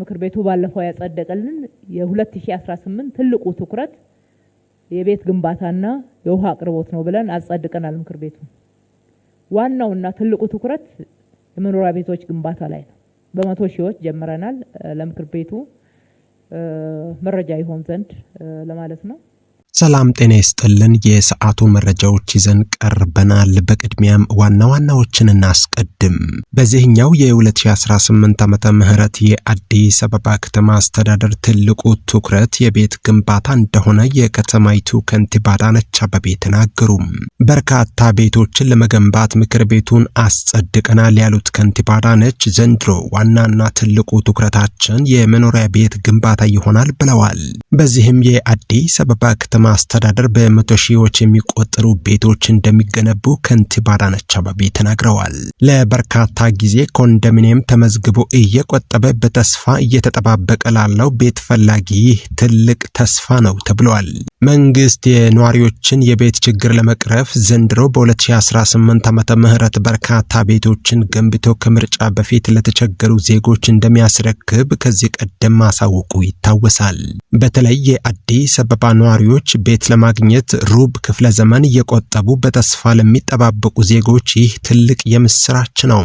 ምክር ቤቱ ባለፈው ያጸደቀልን የ2018 ትልቁ ትኩረት የቤት ግንባታና የውሃ አቅርቦት ነው ብለን አጸድቀናል። ምክር ቤቱ ዋናውና ትልቁ ትኩረት የመኖሪያ ቤቶች ግንባታ ላይ ነው። በመቶ ሺዎች ጀምረናል። ለምክር ቤቱ መረጃ ይሆን ዘንድ ለማለት ነው። ሰላም ጤና ይስጥልን። የሰዓቱ መረጃዎች ይዘን ቀርበናል። በቅድሚያም ዋና ዋናዎችን እናስቀድም። በዚህኛው የ2018 ዓመተ ምህረት የአዲስ አበባ ከተማ አስተዳደር ትልቁ ትኩረት የቤት ግንባታ እንደሆነ የከተማይቱ ከንቲባ አዳነች አቤቤ ተናገሩ። በርካታ ቤቶችን ለመገንባት ምክር ቤቱን አስጸድቀናል ያሉት ከንቲባ አዳነች ዘንድሮ ዋናና ትልቁ ትኩረታችን የመኖሪያ ቤት ግንባታ ይሆናል ብለዋል። በዚህም የአዲስ አበባ ከተማ ለማስተዳደር በመቶ ሺዎች የሚቆጠሩ ቤቶች እንደሚገነቡ ከንቲባ አዳነች አቤቤ ተናግረዋል። ለበርካታ ጊዜ ኮንዶሚኒየም ተመዝግቦ እየቆጠበ በተስፋ እየተጠባበቀ ላለው ቤት ፈላጊ ይህ ትልቅ ተስፋ ነው ተብሏል። መንግስት የነዋሪዎችን የቤት ችግር ለመቅረፍ ዘንድሮ በ2018 ዓመተ ምህረት በርካታ ቤቶችን ገንብቶ ከምርጫ በፊት ለተቸገሩ ዜጎች እንደሚያስረክብ ከዚህ ቀደም ማሳወቁ ይታወሳል። በተለይ የአዲስ አበባ ነዋሪዎች ቤት ለማግኘት ሩብ ክፍለ ዘመን እየቆጠቡ በተስፋ ለሚጠባበቁ ዜጎች ይህ ትልቅ የምስራች ነው።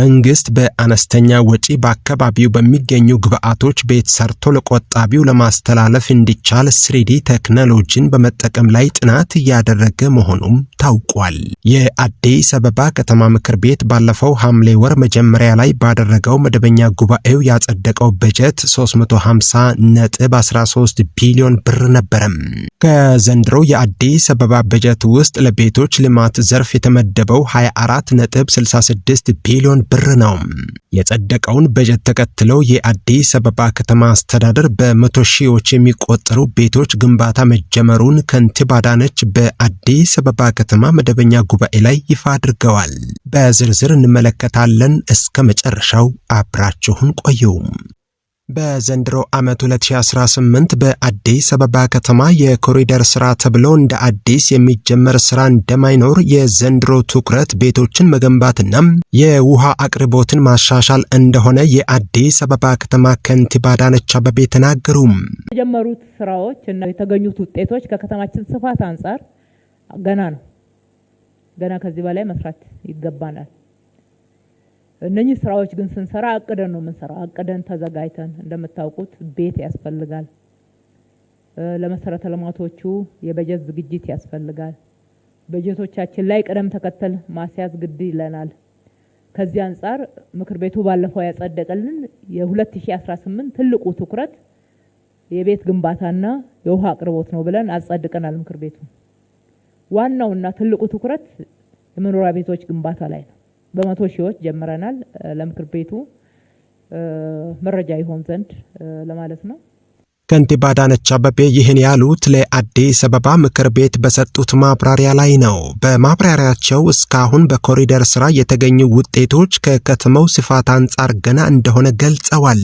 መንግስት በአነስተኛ ወጪ በአካባቢው በሚገኙ ግብአቶች ቤት ሰርቶ ለቆጣቢው ለማስተላለፍ እንዲቻል ስሪዲ ቴክኖሎጂን በመጠቀም ላይ ጥናት እያደረገ መሆኑም ታውቋል። የአዲስ አበባ ከተማ ምክር ቤት ባለፈው ሐምሌ ወር መጀመሪያ ላይ ባደረገው መደበኛ ጉባኤው ያጸደቀው በጀት 350 ነጥብ 13 ቢሊዮን ብር ነበረም። ከዘንድሮ የአዲስ አበባ በጀት ውስጥ ለቤቶች ልማት ዘርፍ የተመደበው 24 ነጥብ 66 ቢሊዮን ብር ነው። የጸደቀውን በጀት ተከትለው የአዲስ አበባ ከተማ አስተዳደር በመቶ ሺዎች የሚቆጠሩ ቤቶች ግንባታ መጀመሩን ከንቲባ አዳነች በአዲስ አበባ ከተማ መደበኛ ጉባኤ ላይ ይፋ አድርገዋል። በዝርዝር እንመለከታለን። እስከ መጨረሻው አብራችሁን ቆየውም። በዘንድሮ ዓመት 2018 በአዲስ አበባ ከተማ የኮሪደር ስራ ተብሎ እንደ አዲስ የሚጀመር ስራ እንደማይኖር የዘንድሮ ትኩረት ቤቶችን መገንባትና የውሃ አቅርቦትን ማሻሻል እንደሆነ የአዲስ አበባ ከተማ ከንቲባ አዳነች አቤቤ ተናገሩ። ስራዎች እና የተገኙት ውጤቶች ከከተማችን ስፋት አንጻር ገና ነው። ገና ከዚህ በላይ መስራት ይገባናል። እነኚህ ስራዎች ግን ስንሰራ አቅደን ነው የምንሰራው። አቅደን ተዘጋጅተን፣ እንደምታውቁት ቤት ያስፈልጋል። ለመሰረተ ልማቶቹ የበጀት ዝግጅት ያስፈልጋል። በጀቶቻችን ላይ ቅደም ተከተል ማስያዝ ግድ ይለናል። ከዚህ አንጻር ምክር ቤቱ ባለፈው ያጸደቀልን የ2018 ትልቁ ትኩረት የቤት ግንባታና የውሃ አቅርቦት ነው ብለን አጸድቀናል ምክር ቤቱ ዋናውና ትልቁ ትኩረት የመኖሪያ ቤቶች ግንባታ ላይ ነው። በመቶ ሺዎች ጀምረናል። ለምክር ቤቱ መረጃ ይሆን ዘንድ ለማለት ነው። ከንቲባ አዳነች አበቤ ይህን ያሉት ለአዲስ አበባ ምክር ቤት በሰጡት ማብራሪያ ላይ ነው። በማብራሪያቸው እስካሁን በኮሪደር ስራ የተገኙ ውጤቶች ከከተማው ስፋት አንጻር ገና እንደሆነ ገልጸዋል።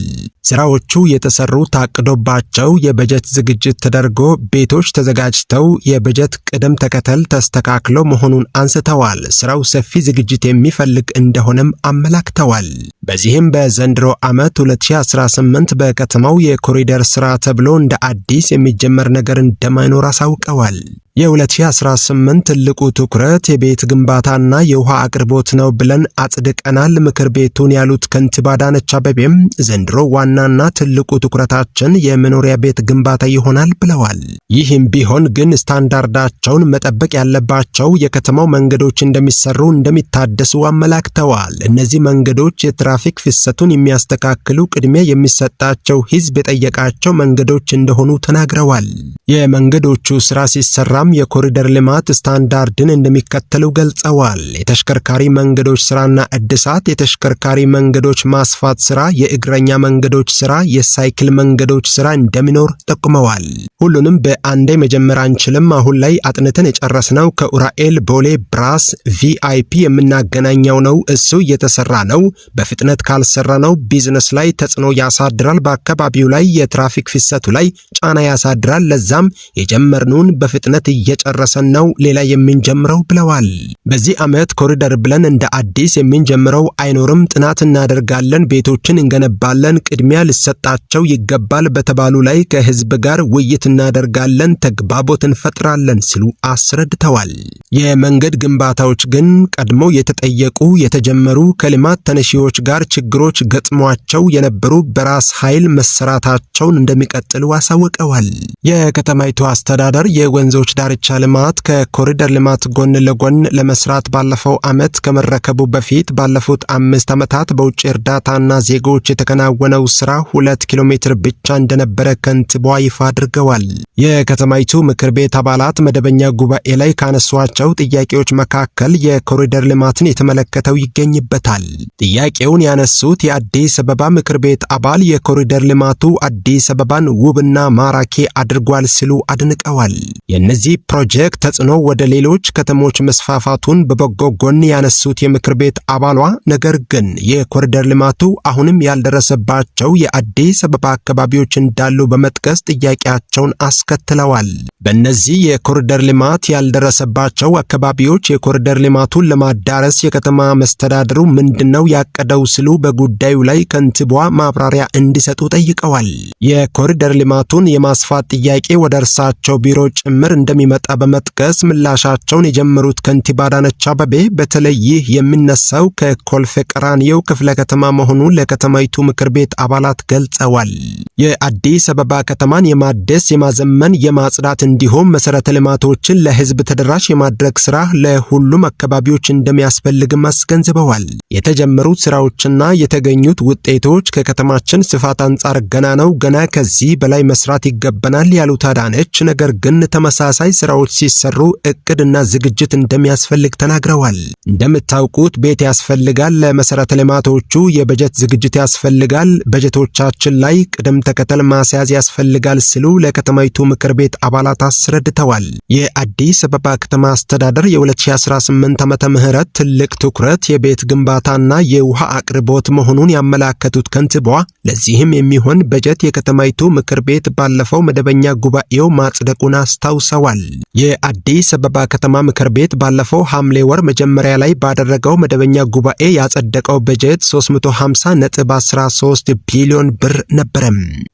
ስራዎቹ የተሰሩ ታቅዶባቸው የበጀት ዝግጅት ተደርጎ ቤቶች ተዘጋጅተው የበጀት ቅደም ተከተል ተስተካክሎ መሆኑን አንስተዋል። ስራው ሰፊ ዝግጅት የሚፈልግ እንደሆነም አመላክተዋል። በዚህም በዘንድሮ ዓመት 2018 በከተማው የኮሪደር ስራ ተብሎ እንደ አዲስ የሚጀመር ነገር እንደማይኖር አሳውቀዋል። የ2018 ትልቁ ትኩረት የቤት ግንባታና የውሃ አቅርቦት ነው ብለን አጽድቀናል ምክር ቤቱን ያሉት ከንቲባ አዳነች አቤቤም ዘንድሮ ዋናና ትልቁ ትኩረታችን የመኖሪያ ቤት ግንባታ ይሆናል ብለዋል። ይህም ቢሆን ግን ስታንዳርዳቸውን መጠበቅ ያለባቸው የከተማው መንገዶች እንደሚሰሩ፣ እንደሚታደሱ አመላክተዋል። እነዚህ መንገዶች የትራፊክ ፍሰቱን የሚያስተካክሉ ቅድሚያ የሚሰጣቸው ሕዝብ የጠየቃቸው መንገዶች እንደሆኑ ተናግረዋል። የመንገዶቹ ስራ ሲሰራ በኋላም የኮሪደር ልማት ስታንዳርድን እንደሚከተሉ ገልጸዋል። የተሽከርካሪ መንገዶች ስራና እድሳት፣ የተሽከርካሪ መንገዶች ማስፋት ስራ፣ የእግረኛ መንገዶች ስራ፣ የሳይክል መንገዶች ስራ እንደሚኖር ጠቁመዋል። ሁሉንም በአንዴ መጀመር አንችልም። አሁን ላይ አጥንተን የጨረስነው ከኡራኤል ቦሌ ብራስ ቪአይፒ የምናገናኘው ነው። እሱ እየተሰራ ነው። በፍጥነት ካልሰራ ነው ቢዝነስ ላይ ተጽዕኖ ያሳድራል። በአካባቢው ላይ የትራፊክ ፍሰቱ ላይ ጫና ያሳድራል። ለዛም የጀመርነውን በፍጥነት እየጨረሰን ነው፣ ሌላ የምንጀምረው ብለዋል። በዚህ ዓመት ኮሪደር ብለን እንደ አዲስ የምንጀምረው አይኖርም፣ ጥናት እናደርጋለን፣ ቤቶችን እንገነባለን፣ ቅድሚያ ሊሰጣቸው ይገባል በተባሉ ላይ ከህዝብ ጋር ውይይት እናደርጋለን፣ ተግባቦት እንፈጥራለን ሲሉ አስረድተዋል። የመንገድ ግንባታዎች ግን ቀድሞ የተጠየቁ የተጀመሩ ከልማት ተነሺዎች ጋር ችግሮች ገጥሟቸው የነበሩ በራስ ኃይል መሰራታቸውን እንደሚቀጥሉ አሳውቀዋል። የከተማይቱ አስተዳደር የወንዞች ዳርቻ ልማት ከኮሪደር ልማት ጎን ለጎን ለመስራት ባለፈው ዓመት ከመረከቡ በፊት ባለፉት አምስት ዓመታት በውጭ እርዳታና ዜጎች የተከናወነው ስራ ሁለት ኪሎ ሜትር ብቻ እንደነበረ ከንቲባዋ ይፋ አድርገዋል። የከተማይቱ ምክር ቤት አባላት መደበኛ ጉባኤ ላይ ካነሷቸው ጥያቄዎች መካከል የኮሪደር ልማትን የተመለከተው ይገኝበታል። ጥያቄውን ያነሱት የአዲስ አበባ ምክር ቤት አባል የኮሪደር ልማቱ አዲስ አበባን ውብና ማራኪ አድርጓል ሲሉ አድንቀዋል። የእነዚህ የዚህ ፕሮጀክት ተጽዕኖ ወደ ሌሎች ከተሞች መስፋፋቱን በበጎ ጎን ያነሱት የምክር ቤት አባሏ ነገር ግን የኮሪደር ልማቱ አሁንም ያልደረሰባቸው የአዲስ አበባ አካባቢዎች እንዳሉ በመጥቀስ ጥያቄያቸውን አስከትለዋል። በእነዚህ የኮሪደር ልማት ያልደረሰባቸው አካባቢዎች የኮሪደር ልማቱን ለማዳረስ የከተማ መስተዳድሩ ምንድነው ያቀደው ሲሉ በጉዳዩ ላይ ከንቲቧ ማብራሪያ እንዲሰጡ ጠይቀዋል። የኮሪደር ልማቱን የማስፋት ጥያቄ ወደ እርሳቸው ቢሮ ጭምር እንደሚ እንደሚመጣ በመጥቀስ ምላሻቸውን የጀመሩት ከንቲባ አዳነች አበቤ በተለይ ይህ የሚነሳው ከኮልፌ ቀራኒዮ ክፍለ ከተማ መሆኑን ለከተማይቱ ምክር ቤት አባላት ገልጸዋል። የአዲስ አበባ ከተማን የማደስ የማዘመን፣ የማጽዳት እንዲሁም መሰረተ ልማቶችን ለህዝብ ተደራሽ የማድረግ ስራ ለሁሉም አካባቢዎች እንደሚያስፈልግም አስገንዝበዋል። የተጀመሩት ስራዎችና የተገኙት ውጤቶች ከከተማችን ስፋት አንጻር ገና ነው፣ ገና ከዚህ በላይ መስራት ይገባናል ያሉት አዳነች ነገር ግን ተመሳሳይ ስራዎች ሲሰሩ እቅድና ዝግጅት እንደሚያስፈልግ ተናግረዋል። እንደምታውቁት ቤት ያስፈልጋል፣ ለመሰረተ ልማቶቹ የበጀት ዝግጅት ያስፈልጋል፣ በጀቶቻችን ላይ ቅደም ተከተል ማስያዝ ያስፈልጋል ሲሉ ለከተማይቱ ምክር ቤት አባላት አስረድተዋል። የአዲስ አበባ ከተማ አስተዳደር የ2018 ዓመተ ምህረት ትልቅ ትኩረት የቤት ግንባታና የውሃ አቅርቦት መሆኑን ያመላከቱት ከንቲባዋ ለዚህም የሚሆን በጀት የከተማይቱ ምክር ቤት ባለፈው መደበኛ ጉባኤው ማጽደቁን አስታውሰዋል። የአዲስ አበባ ከተማ ምክር ቤት ባለፈው ሐምሌ ወር መጀመሪያ ላይ ባደረገው መደበኛ ጉባኤ ያጸደቀው በጀት 13 ቢሊዮን ብር ነበረ።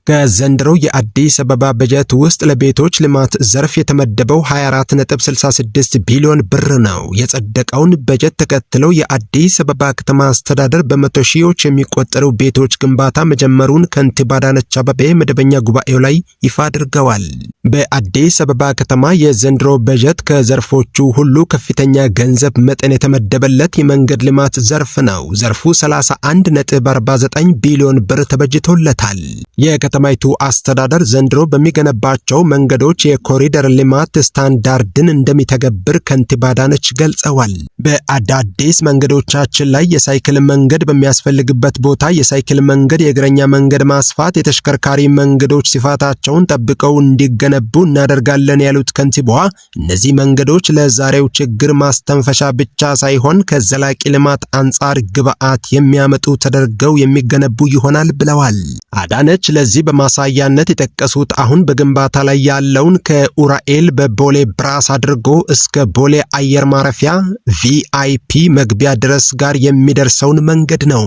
ከዘንድሮ የአዲስ አበባ በጀት ውስጥ ለቤቶች ልማት ዘርፍ የተመደበው 24.66 ቢሊዮን ብር ነው። የጸደቀውን በጀት ተከትለው የአዲስ አበባ ከተማ አስተዳደር በመቶ ሺዎች የሚቆጠሩ ቤቶች ግንባታ መጀመሩን ከንቲባ አዳነች አቤቤ መደበኛ ጉባኤው ላይ ይፋ አድርገዋል። በአዲስ አበባ ከተማ የዘንድሮ በጀት ከዘርፎቹ ሁሉ ከፍተኛ ገንዘብ መጠን የተመደበለት የመንገድ ልማት ዘርፍ ነው። ዘርፉ 31.49 ቢሊዮን ብር ተበጅቶለታል። የከተማይቱ አስተዳደር ዘንድሮ በሚገነባቸው መንገዶች የኮሪደር ልማት ስታንዳርድን እንደሚተገብር ከንቲባ አዳነች ገልጸዋል። በአዳዲስ መንገዶቻችን ላይ የሳይክል መንገድ በሚያስፈልግበት ቦታ የሳይክል መንገድ፣ የእግረኛ መንገድ ማስፋት፣ የተሽከርካሪ መንገዶች ስፋታቸውን ጠብቀው እንዲገነቡ እናደርጋለን ያሉት ከንቲባዋ እነዚህ መንገዶች ለዛሬው ችግር ማስተንፈሻ ብቻ ሳይሆን ከዘላቂ ልማት አንጻር ግብዓት የሚያመጡ ተደርገው የሚገነቡ ይሆናል ብለዋል። አዳነች ለዚህ በማሳያነት የጠቀሱት አሁን በግንባታ ላይ ያለውን ከኡራኤል በቦሌ ብራስ አድርጎ እስከ ቦሌ አየር ማረፊያ ቪአይፒ መግቢያ ድረስ ጋር የሚደርሰውን መንገድ ነው።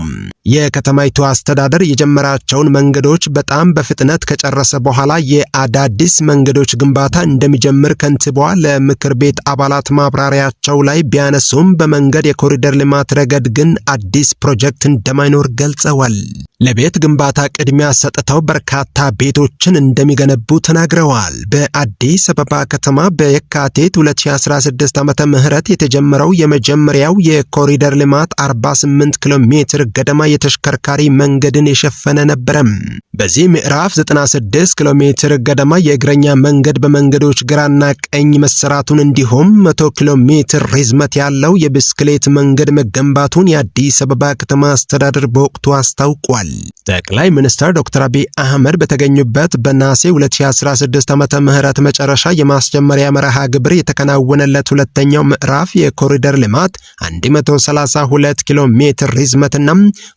የከተማይቱ አስተዳደር የጀመራቸውን መንገዶች በጣም በፍጥነት ከጨረሰ በኋላ የአዳዲስ መንገዶች ግንባታ እንደሚጀምር ምክትል ከንቲቧ ለምክር ቤት አባላት ማብራሪያቸው ላይ ቢያነሱም በመንገድ የኮሪደር ልማት ረገድ ግን አዲስ ፕሮጀክት እንደማይኖር ገልጸዋል። ለቤት ግንባታ ቅድሚያ ሰጥተው በርካታ ቤቶችን እንደሚገነቡ ተናግረዋል። በአዲስ አበባ ከተማ በየካቲት 2016 ዓመተ ምህረት የተጀመረው የመጀመሪያው የኮሪደር ልማት 48 ኪሎ ሜትር ገደማ የተሽከርካሪ መንገድን የሸፈነ ነበረም። በዚህ ምዕራፍ 96 ኪሎ ሜትር ገደማ የእግረኛ መንገድ በመንገዶች ግራና ቀኝ መሰራቱን እንዲሁም 100 ኪሎ ሜትር ርዝመት ያለው የብስክሌት መንገድ መገንባቱን የአዲስ አበባ ከተማ አስተዳደር በወቅቱ አስታውቋል። ጠቅላይ ሚኒስትር ዶክተር አብይ አህመድ በተገኙበት በነሐሴ 2016 ዓመተ ምህረት መጨረሻ የማስጀመሪያ መርሃ ግብር የተከናወነለት ሁለተኛው ምዕራፍ የኮሪደር ልማት 132 ኪሎ ሜትር ርዝመትና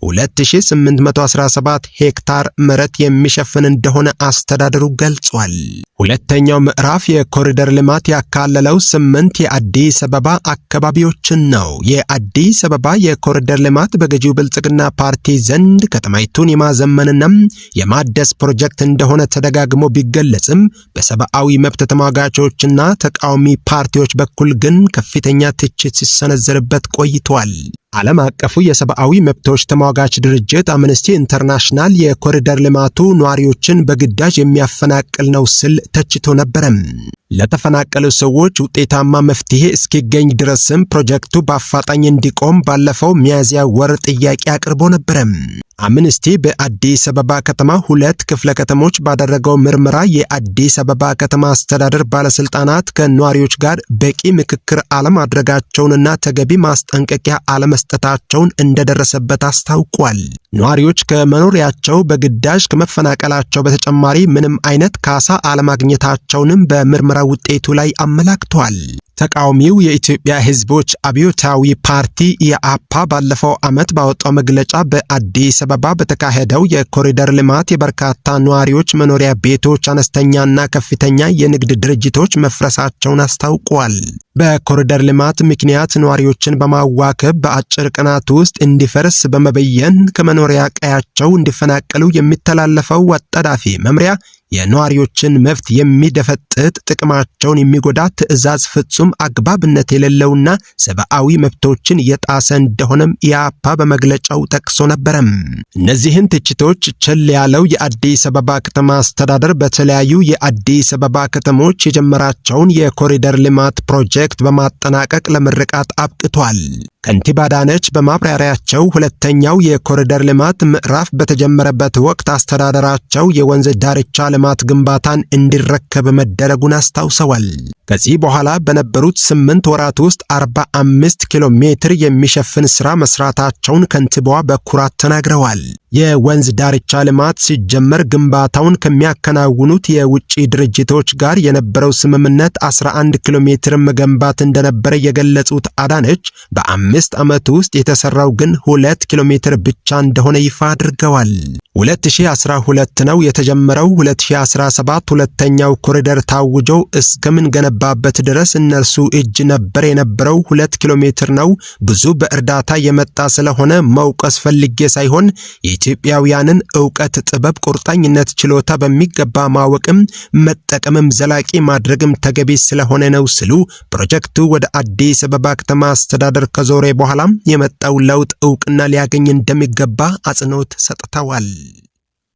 2817 ሄክታር መሬት የሚሸፍን እንደሆነ አስተዳደሩ ገልጿል። ሁለተኛው ምዕራፍ የኮሪደር ልማት ያካለለው ስምንት የአዲስ አበባ አካባቢዎችን ነው። የአዲስ አበባ የኮሪደር ልማት በገዢው ብልጽግና ፓርቲ ዘንድ ከተማ ሰራዊቱን የማዘመንና የማደስ ፕሮጀክት እንደሆነ ተደጋግሞ ቢገለጽም በሰብአዊ መብት ተሟጋቾችና ተቃዋሚ ፓርቲዎች በኩል ግን ከፍተኛ ትችት ሲሰነዘርበት ቆይቷል። ዓለም አቀፉ የሰብአዊ መብቶች ተሟጋች ድርጅት አምነስቲ ኢንተርናሽናል የኮሪደር ልማቱ ነዋሪዎችን በግዳጅ የሚያፈናቅል ነው ስል ተችቶ ነበረም። ለተፈናቀሉ ሰዎች ውጤታማ መፍትሄ እስኪገኝ ድረስም ፕሮጀክቱ በአፋጣኝ እንዲቆም ባለፈው ሚያዝያ ወር ጥያቄ አቅርቦ ነበረም። አምነስቲ በአዲስ አበባ ከተማ ሁለት ክፍለ ከተሞች ባደረገው ምርመራ የአዲስ አበባ ከተማ አስተዳደር ባለስልጣናት ከነዋሪዎች ጋር በቂ ምክክር አለማድረጋቸውንና ተገቢ ማስጠንቀቂያ አለመስ መስጠታቸውን እንደደረሰበት አስታውቋል። ነዋሪዎች ከመኖሪያቸው በግዳጅ ከመፈናቀላቸው በተጨማሪ ምንም አይነት ካሳ አለማግኘታቸውንም በምርመራ ውጤቱ ላይ አመላክቷል። ተቃዋሚው የኢትዮጵያ ሕዝቦች አብዮታዊ ፓርቲ የአፓ ባለፈው ዓመት ባወጣው መግለጫ በአዲስ አበባ በተካሄደው የኮሪደር ልማት የበርካታ ነዋሪዎች መኖሪያ ቤቶች አነስተኛና ከፍተኛ የንግድ ድርጅቶች መፍረሳቸውን አስታውቋል። በኮሪደር ልማት ምክንያት ነዋሪዎችን በማዋከብ በአጭር ቀናት ውስጥ እንዲፈርስ በመበየን ከመኖሪያ ቀያቸው እንዲፈናቀሉ የሚተላለፈው አጣዳፊ መምሪያ የነዋሪዎችን መብት የሚደፈጥጥ ጥቅማቸውን የሚጎዳ ትዕዛዝ ፍጹም አግባብነት የሌለውና ሰብአዊ መብቶችን የጣሰ እንደሆነም ኢያፓ በመግለጫው ጠቅሶ ነበረም። እነዚህን ትችቶች ቸል ያለው የአዲስ አበባ ከተማ አስተዳደር በተለያዩ የአዲስ አበባ ከተሞች የጀመራቸውን የኮሪደር ልማት ፕሮጀክት በማጠናቀቅ ለምርቃት አብቅቷል። ከንቲባ አዳነች በማብራሪያቸው ሁለተኛው የኮሪደር ልማት ምዕራፍ በተጀመረበት ወቅት አስተዳደራቸው የወንዝ ዳርቻ ልማት ግንባታን እንዲረከብ መደረጉን አስታውሰዋል። ከዚህ በኋላ በነበሩት ስምንት ወራት ውስጥ 45 ኪሎ ሜትር የሚሸፍን ሥራ መሥራታቸውን ከንቲባዋ በኩራት ተናግረዋል። የወንዝ ዳርቻ ልማት ሲጀመር ግንባታውን ከሚያከናውኑት የውጭ ድርጅቶች ጋር የነበረው ስምምነት 11 ኪሎ ሜትር መገንባት እንደነበረ የገለጹት አዳነች በአምስት ዓመት ውስጥ የተሰራው ግን ሁለት ኪሎ ሜትር ብቻ እንደሆነ ይፋ አድርገዋል። 2012 ነው የተጀመረው። 2017 ሁለተኛው ኮሪደር ታውጆ እስከምንገነባበት ድረስ እነርሱ እጅ ነበር የነበረው። ሁለት ኪሎ ሜትር ነው። ብዙ በእርዳታ የመጣ ስለሆነ መውቀስ ፈልጌ ሳይሆን የኢትዮጵያውያንን ዕውቀት፣ ጥበብ፣ ቁርጠኝነት፣ ችሎታ በሚገባ ማወቅም መጠቀምም ዘላቂ ማድረግም ተገቢ ስለሆነ ነው ሲሉ ፕሮጀክቱ ወደ አዲስ አበባ ከተማ አስተዳደር ከዞሬ በኋላም የመጣው ለውጥ ዕውቅና ሊያገኝ እንደሚገባ አጽንኦት ሰጥተዋል።